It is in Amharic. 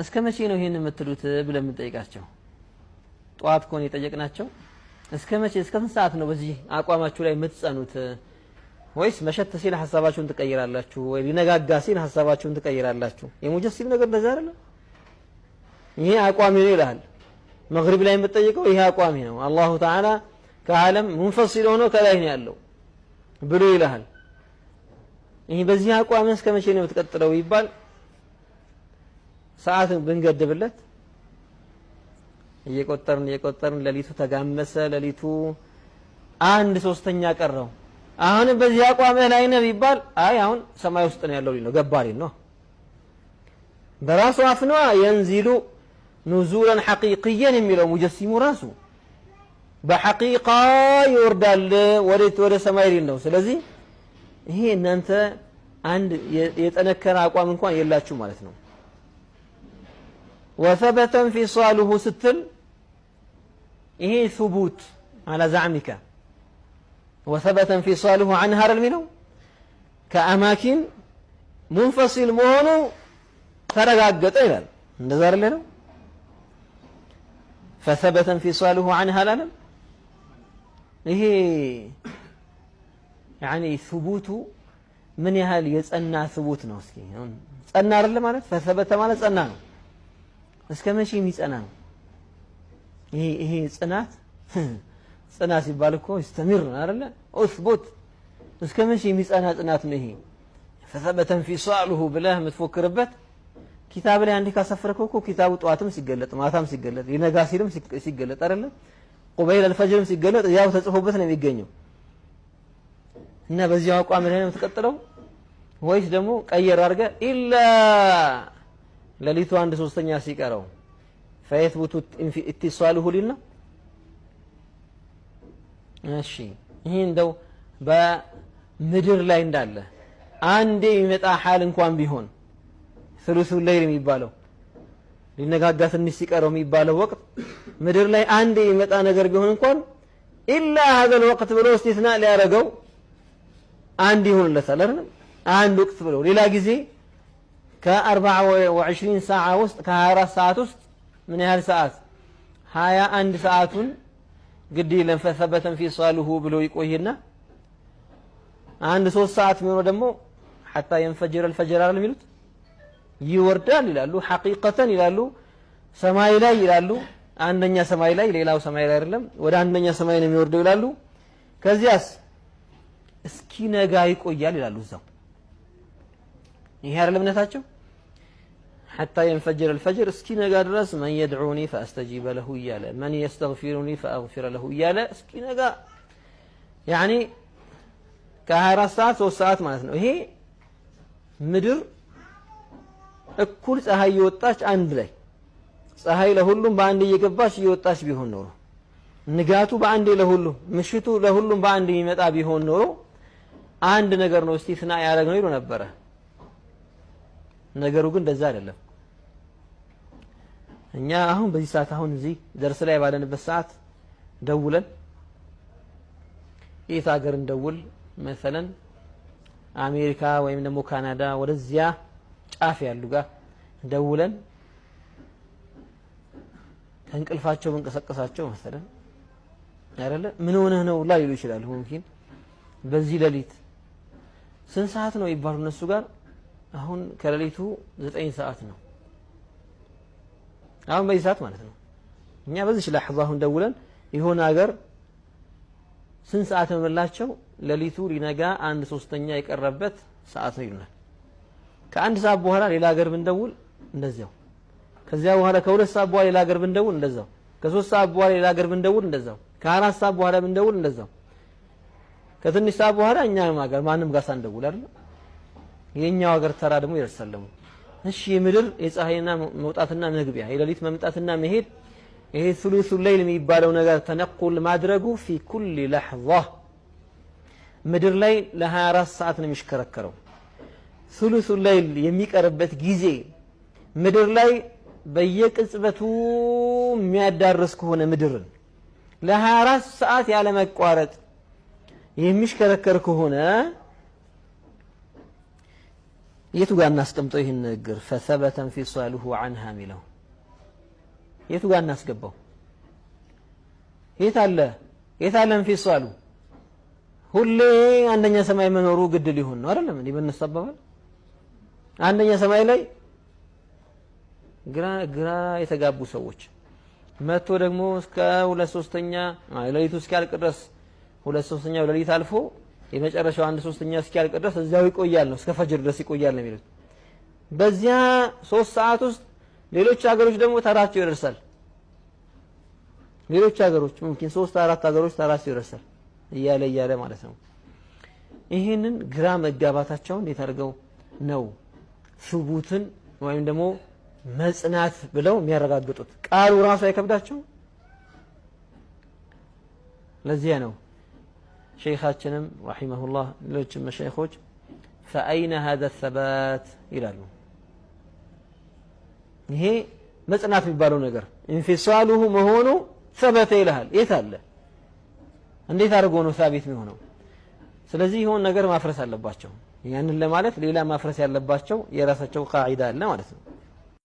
እስከ መቼ ነው ይሄን የምትሉት ብለን የምንጠይቃቸው? ጠዋት ከሆነ የጠየቅናቸው እስከ መቼ እስከ ስንት ሰዓት ነው በዚህ አቋማችሁ ላይ የምትጸኑት? ወይስ መሸት ሲል ሀሳባችሁን ትቀይራላችሁ? ወይ ሊነጋጋ ሲል ሀሳባችሁን ትቀይራላችሁ? ሲል ነገር እንደዛ አይደለም። ይሄ አቋሚ ነው ይላል። መግሪብ ላይ የምትጠይቀው ይሄ አቋሚ ነው። አላሁ ተዓላ ከዓለም ሙንፈሲል ሆኖ ከላይ ነው ያለው ብሎ ይልሃል። ይሄ በዚህ አቋሚ እስከ መቼ ነው የምትቀጥለው ይባል ሰዓትን ብንገድብለት እየቆጠርን እየቆጠርን ሌሊቱ ተጋመሰ። ሌሊቱ አንድ ሶስተኛ ቀረው። አሁን በዚህ አቋምህ ላይ ነህ ቢባል አይ አሁን ሰማይ ውስጥ ነው ያለው ሊለው ገባሪ ነው። በራሱ አፍ ነዋ የንዚሉ ኑዙለን ሐቂቅየን የሚለው ሙጀሲሙ ራሱ በሐቂቃ ይወርዳል ወዴት? ወደ ሰማይ ሊል ነው። ስለዚህ ይሄ እናንተ አንድ የጠነከረ አቋም እንኳን የላችሁ ማለት ነው። ወሰበተ እንፊሳሉሁ ስትል ይሄ ሱቡት አላ ዛዕሚከ ወሰበተ እንፊሳሉሁ አንሃ የሚለው ከአማኪን ሙንፈሲል መሆኑ ተረጋገጠ ይላል። እንደዛ አይደለ ነው። ፈሰበተ እንፊሳሉሁ አንሃ አላለም። ይሄ ሱቡቱ ምን ያህል የጸና ሱቡት ነው? እስኪ ጸና አይደለ ማለት ፈሰበተ ማለት ጸና ነው። እስከ መቼ የሚጸና ነው? ይሄ ይሄ ጽናት ጽና ሲባል እኮ ይስተሚር ነው አይደለ? ኡስቡት እስከ መቼ የሚጸና ጽናት ነው ይሄ? ፈሰበተን ፊ ሷልሁ ብለህ የምትፎክርበት ኪታብ ላይ አንዴ ካሰፈርከው እኮ ኪታቡ ጠዋትም ሲገለጥ፣ ማታም ሲገለጥ፣ ሊነጋ ሲልም ሲገለጥ አይደለ? ቁበይል አልፈጅርም ሲገለጥ ያው ተጽፎበት ነው የሚገኘው። እና በዚያው አቋም ላይ ነው የምትቀጥለው ወይስ ደግሞ ቀየር አድርገህ ኢላ ለሊቱ አንድ ሶስተኛ ሲቀረው ፈየትቡቱ ቡቱ ኢትሷሉሁ ሊልና እሺ ይህ እንደው በምድር ላይ እንዳለ አንዴ የሚመጣ ሐል እንኳን ቢሆን ስሉሱ ለይል የሚባለው ሊነጋጋ ትንሽ ሲቀረው የሚባለው ወቅት ምድር ላይ አንዴ የሚመጣ ነገር ቢሆን እንኳን ኢላ ሀዘል ወቅት ብሎ እስቲትና ሊያደርገው አንድ ይሆንለታል አይደል? አንድ ወቅት ብሎ ሌላ ጊዜ ከአርባ ወዕሽሪን ሰዓ ውስጥ ከ24 ሰዓት ውስጥ ምን ያህል ሰዓት? ሀያ አንድ ሰዓቱን ግድ የለም ፊ ሷልሁ ብሎ ይቆይና አንድ ሶስት ሰዓት የሚሆነው ደግሞ ሐታ የንፈጅር አልፈጅር አይደል የሚሉት ይወርዳል ይላሉ። ሐቂቀተን ይላሉ ሰማይ ላይ ይላሉ። አንደኛ ሰማይ ላይ ሌላው ሰማይ ላይ አይደለም፣ ወደ አንደኛ ሰማይ ነው የሚወርደው ይላሉ። ከዚያስ እስኪ ነጋ ይቆያል ይላሉ እዛው። ይሄ አይደለም እምነታቸው። ሐታ የንፈጅር አልፈጅር እስኪነጋ ድረስ መን የድዑኒ ፈአስተጂበ ለሁ እያለ መን የስተግፊሩኒ ፈአግፊረ ለሁ እያለ እስኪነጋ ያኒ ከ24 ሰዓት 3 ሰዓት ማለት ነው። ይሄ ምድር እኩል ፀሐይ እየወጣች አንድ ላይ ፀሐይ ለሁሉም በአንድ እየገባች እየወጣች ቢሆን ኖሮ ንጋቱ በአንዴ ለሁሉም ምሽቱ ለሁሉም በአንድ የሚመጣ ቢሆን ኖሮ አንድ ነገር ነው እስቲስና ያደረግነው ይሉ ነበረ። ነገሩ ግን እንደዛ አይደለም። እኛ አሁን በዚህ ሰዓት አሁን እዚህ ደርስ ላይ ባለንበት ሰዓት ደውለን የት ሀገር እንደውል መሰለን አሜሪካ ወይም ደግሞ ካናዳ ወደዚያ ጫፍ ያሉ ጋር ደውለን ከእንቅልፋቸው መንቀሳቀሳቸው መሰለን አይደለ ምን ሆነህ ነው ላ ሊሉ ይችላል። ሙምኪን በዚህ ሌሊት ስንት ሰዓት ነው ይባሉ እነሱ ጋር አሁን ከሌሊቱ ዘጠኝ ሰዓት ነው። አሁን በዚህ ሰዓት ማለት ነው። እኛ በዚህ ላሕዛ አሁን ደውለን የሆነ ሀገር ስንት ሰዓት የምላቸው ሌሊቱ ሊነጋ አንድ ሶስተኛ የቀረበት ሰዓት ነው ይሉናል። ከአንድ ሰዓት በኋላ ሌላ ሀገር ብንደውል እንደዚያው። ከዚያ በኋላ ከሁለት ሰዓት በኋላ ሌላ ሀገር ብንደውል እንደዛው። ከሶስት ሰዓት በኋላ ሌላ ሀገር ብንደውል እንደዛው። ከአራት ሰዓት በኋላ ብንደውል እንደዛው። ከትንሽ ሰዓት በኋላ እኛ ሀገር ማንም ጋር ሳንደውል አይደል የኛው ሀገር ተራ ደግሞ ይደርሳለሙ። እሺ የምድር የፀሐይና መውጣትና መግቢያ የሌሊት መምጣትና መሄድ ይሄ ሱሉሱ ሌይል የሚባለው ነገር ተነቁል ማድረጉ ፊ ኩል ለሕዛ ምድር ላይ ለ24 ሰዓት ነው የሚሽከረከረው። ሱሉሱ ሌይል የሚቀርበት ጊዜ ምድር ላይ በየቅጽበቱ የሚያዳርስ ከሆነ ምድርን ለ24 ሰዓት ያለመቋረጥ የሚሽከረከር ከሆነ የቱ ጋር እናስቀምጠው? ይህን ንግግር ፈሰበተ እንፊሳሉሁ አንሃ የሚለው የቱ ጋር እናስገባው? የታለ የታለ እንፊሳሉ? ሁሌ አንደኛ ሰማይ መኖሩ ግድ ሊሆን ነው አይደለም? እንዲህ በነሱ አንደኛ ሰማይ ላይ ግራ ግራ የተጋቡ ሰዎች መጥቶ ደግሞ እስከ ሁለት ሶስተኛ ሌሊቱ እስኪያልቅ ድረስ ሁለት ሶስተኛው ሌሊት አልፎ የመጨረሻው አንድ ሶስተኛ እስኪያልቅ ድረስ እዚያው ይቆያል ነው፣ እስከ ፈጅር ድረስ ይቆያል ነው የሚሉት። በዚያ ሶስት ሰዓት ውስጥ ሌሎች ሀገሮች ደግሞ ተራቸው ይደርሳል። ሌሎች ሀገሮች ሙምኪን ሶስት አራት ሀገሮች ተራቸው ይደርሳል እያለ እያለ ማለት ነው። ይህንን ግራ መጋባታቸው እንዴት አድርገው ነው ሱቡትን ወይም ደግሞ መጽናት ብለው የሚያረጋግጡት? ቃሉ ራሱ አይከብዳቸው። ለዚያ ነው ሼኻችንም ረሒመሁላህ ሌሎችም መሻይኾች ፈአይነ ሀዘ ሰባት ይላሉ። ይሄ መጽናት የሚባለው ነገር ኢንፊሳሉሁ መሆኑ ሰበተ ይልሃል። የት አለ? እንዴት አድርጎ ነው ሳቢት የሚሆነው? ስለዚህ የሆን ነገር ማፍረስ አለባቸው። ያንን ለማለት ሌላ ማፍረስ ያለባቸው የራሳቸው ቃዒዳ አለ ማለት ነው።